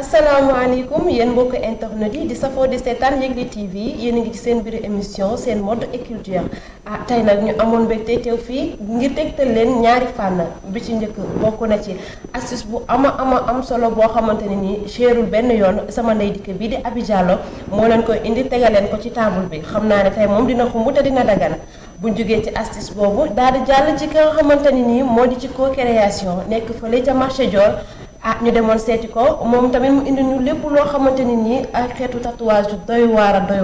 asalaamaaleykum yéen mbokk internet yi di safoo di seetaan Yëgle TV yéen a ngi ci seen biir émission seen mode et culture ah tey nag ñu amoon mbégte teew fii ngir tegtal leen ñaari fànn bi ci njëkk bokk na ci astuce bu ama ama am solo boo xamante ne nii cherul benn yoon sama ndey dikk bii di Abi moo leen ko indi tegal leen ko ci taabul bi xam naa ne tey moom dina xumb te dina dagan buñ jógee ci astuce boobu daal di jàll ci ki nga xamante ne nii moo di ci co nekk fële ca marché Dior. ah ñu demoon seeti ko moom tamit mu indi ñu lépp loo xamante ni nii ak xeetu tatouage yu doy waar a doy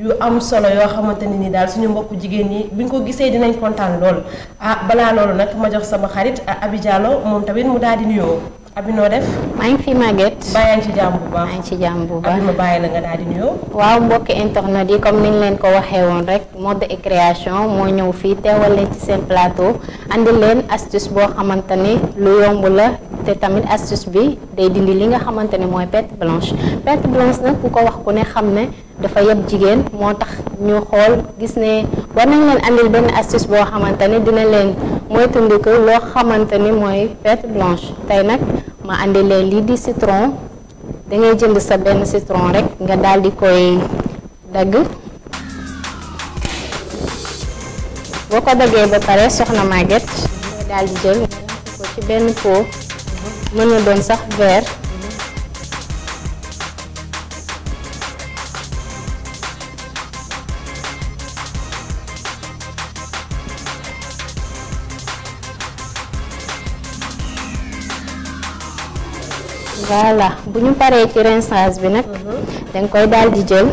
yu am solo yoo xamante ni nii daal suñu mbokk jigéen ñi buñ ko gisee dinañ kontaan lool ah balaa loolu nag ma jox sama xarit ah, Abi Diallo moom tamit mu daal di nuyoo Abi noo def. maa ngi fi Maguette. bàyyi ci jàmm bu baax maa ngi ci jàmm bu baax. ma bàyyi la nga daal di nuyoo. waaw mbokki leen ko waxee woon rek mode et création moo ñëw fii teewal leen ci seen plateau andi leen astuce boo xamante ni lu yomb la. te tamit astuce bi day dindi li nga xamantene moy perte blanche Pet blanche nak ku ko wax ku ne xamne dafa yeb jigen motax ñu xol gis ne war nañ leen andil ben astuce bo xamantene dina leen moy tundu ko lo ni moy perte blanche tay nak ma andil leen li di citron da ngay jënd sa ben citron rek nga dal di koy dag boko dagge ba pare soxna Maguette nga di jël ko ci ben pot mën na doon sax vert voilà bu ñu paree ci rinçage bi nag danga koy daldi di jël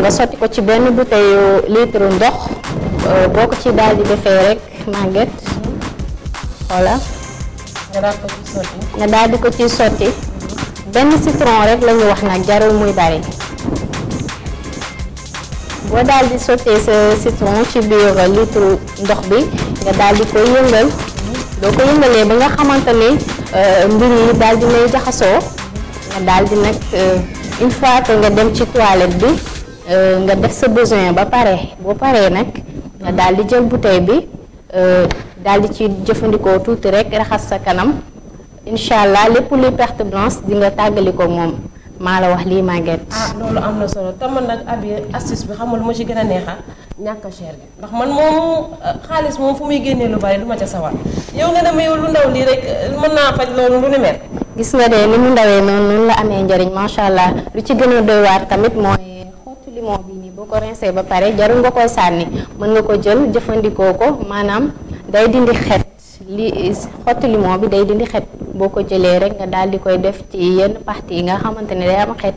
nga sotti ko ci benn bouteille litre ndox euh, boo ko ci daal defee rek màgget voilà nga daal ko ci sotti. nga daal di ko ci sotti. benn citron rek la wax nag jarul muy bari. boo daal sottee sa citron ci biir litre ndox bi nga daal di yëngal. doo ko yëngalee ba nga xamante ne euh, mbir yi daal di jaxasoo. nga daal di nag euh, une nga dem ci toilette bi euh, nga def sa besoin ba pare boo paree nag nga daal di jël bouteille bi. daal di ci jëfandikoo tuuti rek raxas sa kanam incha allah lépp luy perte blanche di nga tàggali ko moom maa la wax lii màgget. Ah, loolu am na solo te man nag bi xamul mu ci gën a neexa ñàkk a cher ndax man moom euh, xaalis moom fu muy génnee lu bari du ma ca sawar euh, naa faj gis nga de ni mu noonu noonu la amee njëriñ macha allah lu ci gën a doy waar tamit mooy. limon bi nii boo ko rincé ba pare jarul nga koy sànni mën nga ko jël jëfandikoo ko maanaam day dindi xet li xotti limon bi day dindi xet boko jele rek nga dal di koy def ci yenn parti nga xamante day am xet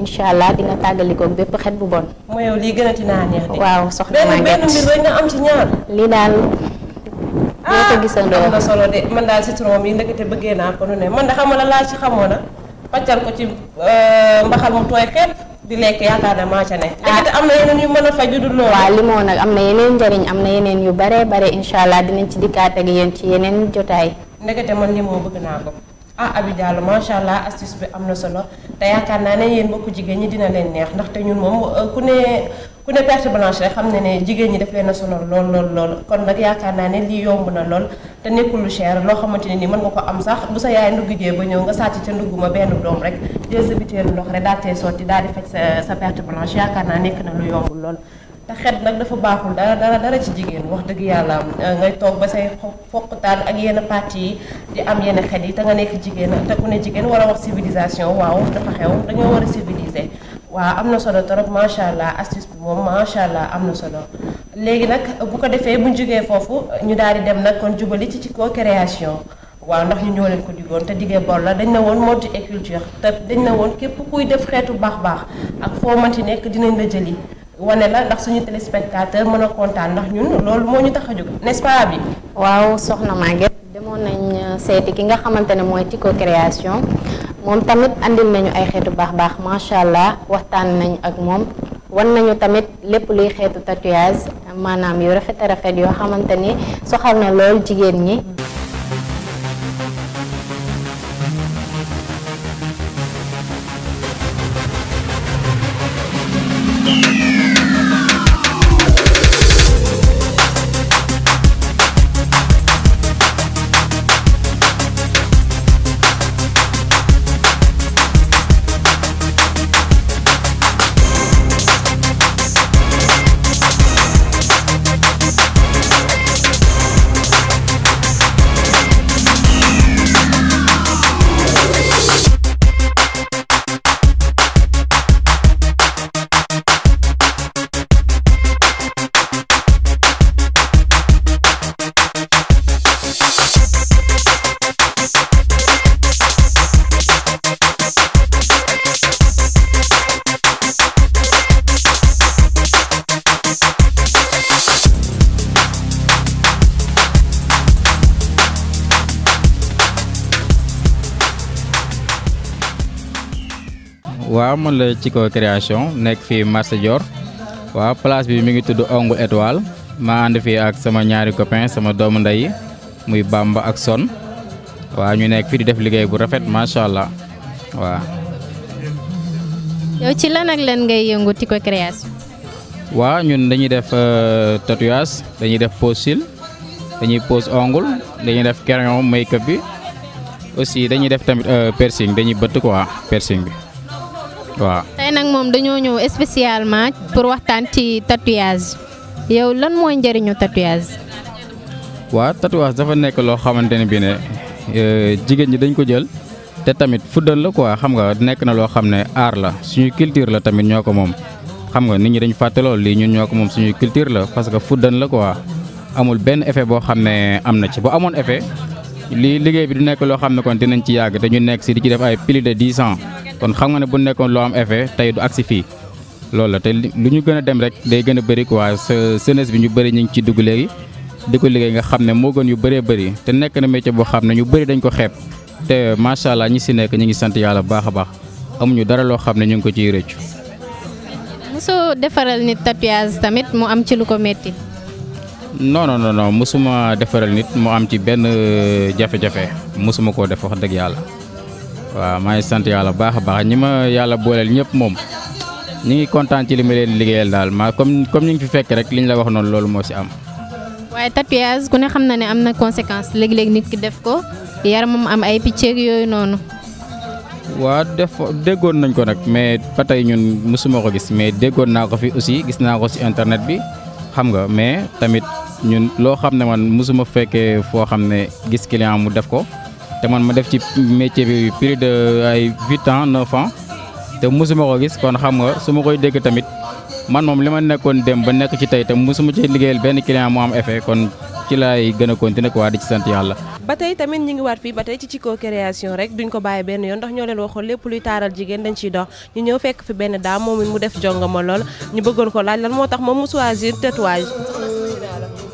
inshallah allah tagaliko bepp xet bu bon. mooy yow gëna gënati naa ya de. waaw soxna ma ngi ben ben nga am ci ñaar. li daal. ñoo ko ah, gisandoo am na solo de man ci tromi bi ndekete bëggee na ko nu ne man da xamala la ci xamona ah. na ko ci euh, mbaxal mu toy xet di lekk yaakaar ne maa ca ne. Ah. te am na yeneen yu mën a faj dul loolu. waaw limoo am na yeneen njëriñ am na yeneen yu bare bare incha allah dinañ ci dikkaat ak yéen ci yeneen jotaay. ndekete man limoo bëgg naa ah Abi Diallo macha allah astuce bi am na solo te yaakaar naa ne yéen mbokku jigéen ñi dina leen neex ndaxte ñun moom euh, ku ne ku ne perte blanche rek xam ne ne jigéen ñi daf leen a sonal lool lool lool kon nag yaakaar naa ne lii yomb na lool te nekkul lu cher loo xamante ne nii mën nga ko am sax bu sa yaay ndugg jee ba ñëw nga sàcc ca ndugg ma benn doom rek jël sa biteelu ndox rek daal tee sotti daal di faj sa sa perte blanche yaakaar naa nekk na lu yombul lool te xet nag dafa baaxul dara dara dara ci jigéen wax dëgg yàlla euh, ngay toog ba say taal ak yenn parti yi di am yenn xet yi te nga nekk jigéen te ku ne jigéen war a waaw dafa xew dañoo war a waaw am na solo trop macha allah macha allah am na solo léegi nag bu ko defee bu ñu jógee foofu ñu daal di dem nag kon jubali ci ci co-création ndax ñu ñoo leen ko diggoon te diggee bor la dañ na woon mode et culture te dañ na woon képp kuy def xeetu baax baax ak foo manti nekk dinañ la jëli. wane la ndax suñu téléspectateur mën a kontaan ndax ñun loolu moo ñu tax a jóg nest bi waaw soxna Maguette demoon nañ euh, seeti ki nga xamante ne mooy Tico Création moom tamit andil nañu ay xeetu baax baax macha allah waxtaan nañ ak moom wan nañu tamit lépp luy xeetu tatouage maanaam yu rafet a rafet yoo xamante ni soxal na lool jigéen ñi waaw man la ko création nek fi marché Dior wa place bi mi ngi tuddu ongu Étoile ma and fi ak sama ñaari copain sama dom nday muy Bamba ak Son wa ñu nek fi di def liggéey bu rafet sha allah wa yow ci lan ak lan ngay yëngu ko création. wa ñun dañuy def euh, tatouage dañuy def pose dañuy pose ongul dañuy def crayon make-up bi aussi dañuy def tamit euh, piercing dañuy bëtt quoi piercing bi tay nak mom dañu dañoo ñëw spécialement pour waxtan ci tatouage yow lan moy ndariñu tatouage. wa tatouage dafa nekk loo xamante ne bii ne e, jigéen ñi dañ ko jël té tamit fuddal la quoi xam nga nek na lo xam art la suñu culture la tamit ñoko mom xam nga nit ñi dañ fàtte lool li ñun ñoko mom suñu culture la parce que fuddal la quoi amul ben effet bo xam amna ci bu amone effet lii liggéey bi du nekk loo xam ne kon dinañ ci yàgg te nekk si di ci def ay plus de dix kon xam nga ne bu nekkoon loo am effet tey du agsi fii loolu te lu ñu gën a dem rek day gën a ko quoi jeunesse bi ñu bëri ñu ngi ci dugg léegi di ko liggéey nga xam ne moo gën yu bëree bari te nekk na métier boo xam ne ñu bëri dañ ko xeeb te macha allah ñi si nekk ñu ngi sant yàlla baax a baax amuñu dara loo xam ne ñu ngi ko ciy rëccu. mosoo defaral nit tatouage tamit mu ci lu ko non non non non mosuma defaral nit mu am ci benn euh, jafe-jafe mësuma koo def wax dëgg yàlla waaw maa ngi sant yàlla baax baax ñi ma yàlla booleel ñëpp moom ñu ngi kontaan ci li ma leen liggéeyal daal ma comme comme ñu fi fekk rek li ñu la wax noonu loolu moo si am. waaye tatouage ku ne xam na ne am na conséquence léegi-léegi nit ki def ko yaramam am ay picc yooyu noonu. waa def déggoon nañ ko nag mais ba tey ñun mosuma ko gis mais déggoon naa ko fi aussi gis naa ko ci internet bi xam nga mais tamit ñun loo xam ne man mosuma fekkee foo xam ne gis client mu def ko te man ma def ci métier bi plus de ay huit ans neuf ans te mosuma ko gis kon xam nga su ma koy dégg tamit man moom li ma nekkoon dem ba nekk ci tey te mosuma ci liggéeyal benn client mu am effet kon ci laay gën a continuer quoi di ci sant yàlla. ba tey tamit ñu ngi waat fii ba tey ci Ciko création rek duñ ko bàyyi benn yoon ndax ñoo leen waxoon lépp luy taaral jigéen dañ ciy dox ñëw fekk fi benn daa moom mu def jongama lool ñu bëggoon ko laaj lan moo tax moom mu choisir tatouage.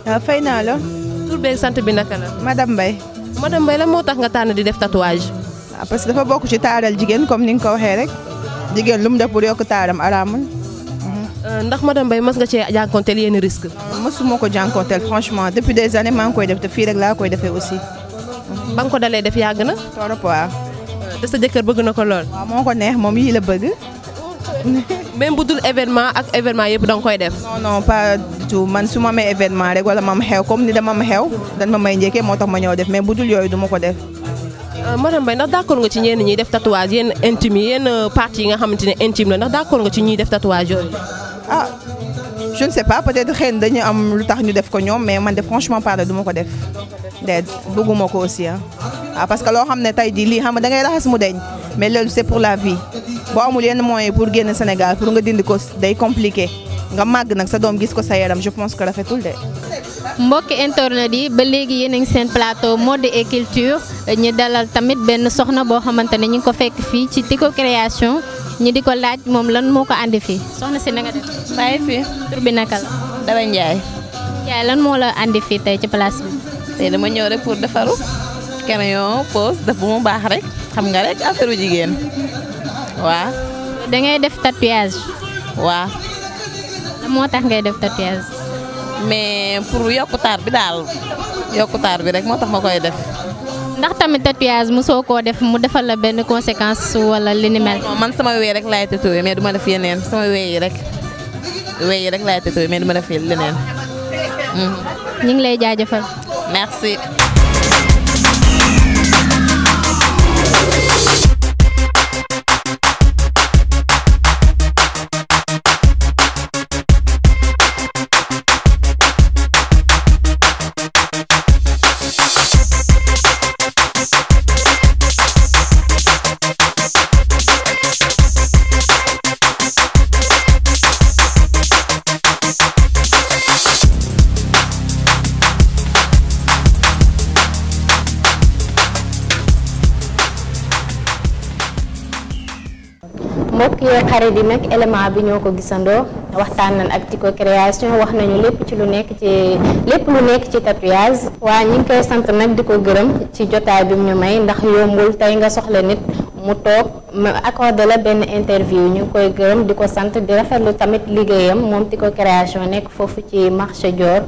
waaw ah, fay naa sant bi naka la. madame Mbaye. madame Mbaye la moo tax nga tànn di def tatouage. Ah, parce que dafa bokk ci taaral jigéen comme ni nga ko waxee rek jigéen lu mu def pour yokk taaram araamul. Euh, ndax madame Mbaye mas nga cee jànkonteel yenn risque. Ah, mësuma ko jànkonteel franchement depuis des années maa ngi koy def te fii rek laa koy defee aussi. ba nga ko dalee def yàgg na. torop waaw. Euh, te sa jëkkër bëgg na ko lool. moo ko neex moom yii la bëgg. même bu dul événement ak événement yëpp danga koy def. surtout man su amee événement rek wala ma am xew comme ni dama am xew dan ma may njëkkee moo tax ma ñëw def mais budul dul yooyu du ma ko def. Euh, madame bay ndax d'accord nga ci ñenn ñi def tatouage yenn intime yi yenn euh, parties yi nga xamante ne intime la ndax d'accord nga ci ñuy def tatouage yooyu. ah je ne sais pas peut-être xëy dañu am lu tax ñu def ko ñoom mais man de franchement parler du ma ko def. déet bëgguma ko aussi hein. ah parce que loo xam ne tey jii lii xam nga da ngay raxas mu deñ mais loolu c'est pour la vie boo amul yenn moyens pour génn Sénégal pour nga dindi ko day compliqué. nga màgg nag sa dom gis ko sa yaram je pense que rafetul de. mbokki internet yi ba léegi yéen ngi sen plateau mode et culture ñi dalal tamit ben soxna bo xamantene ñi ko fekk fi ci tiko Création ñi diko laaj mom lan moko andi fi soxna si nga def. baye fi tur bi nakal la. Daba Ndiaye. lan mo la andi fi tay ci place bi. tay dama ñew rek pour defaru crayon pose def bu mu bax rek xam nga rek affaire jigéen da ngay def tatouage. wa moo tax ngay def tatouage. mais pour yokku taar bi daal yokku taar bi rek moo tax ma koy def. ndax tamit tatouage mu soo koo def mu defal la benn conséquence wala li ni mel. man sama wee rek laay tatoué mais duma ma def yeneen sama wee yi rek wee yi rek laay tatoué mais du ma def leneen. ñu ngi lay jaajëfal. merci. mbokk yee xarit yi nag élément bi ñoo ko gisandoo waxtaan nañ ak ko Création wax nañu lépp ci lu nekk ci lépp lu nekk ci tatouage waa ñi ngi sant nag di ko gërëm ci jotaay bi ñu may ndax yombul tey nga soxla nit mu toog ma accordé la benn interview ñu koy gërëm di ko sant di rafetlu tamit liggéeyam moom ko Création nekk foofu ci marché Dior.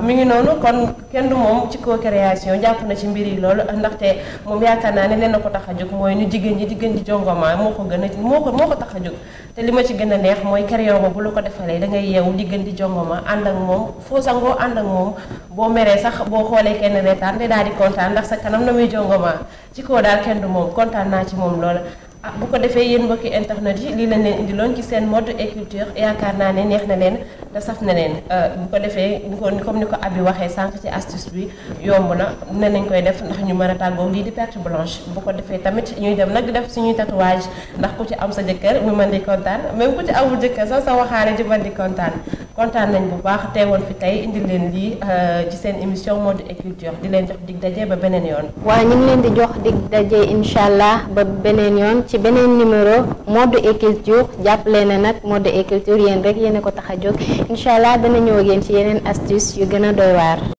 mu ngi noonu kon kenn du moom Tico Création jàpp na ci mbir yi loolu ndaxte moom yaakaar naa ne leen na ko tax a mooy nu jigéen ñi di gën moo ko gën a moo ko moo ko tax a jóg te li ma ci gën a neex mooy crayon bu la ko defalee da ngay yeewu di gën di jongoma ànd ak moom foo sangoo ànd ak moom boo meree sax boo xoolee kenn reetaan nga daal di kontaan ndax sa kanam na muy jongoma ci koo daal kenn du moom kontaan naa ci moom loola ah bu ko defee yéen mbokki internet yi lii lañ leen indiloon ci seen mode et culture yaakaar naa ne neex na leen da saf na leen euh, bu ko defee ni ko comme ni ko Abi waxee sànq ci astus bi yomb na ne nañ koy def ndax ñu mën a tàggoo lii di perte blanche bu ko defee tamit ñuy dem nag def suñuy tatouage ndax ku ci am sa jëkkër ñu mën di kontaan même ku ci amul jëkkër sax sa waxaare ji mën di kontaan kontaan nañ bu baax teewoon fi tey indi leen lii euh, ci seen émission mode et culture di leen jox dig daje ba beneen yoon. waa ñu ngi leen di jox dig daje incha allah ba beneen yoon ci beneen numéro mode et culture jàppale na nag mode et culture yéen rek yéen ko tax a jóg incha allah dana ñëw ak yéen ci yeneen astuce yu gën a doy waar.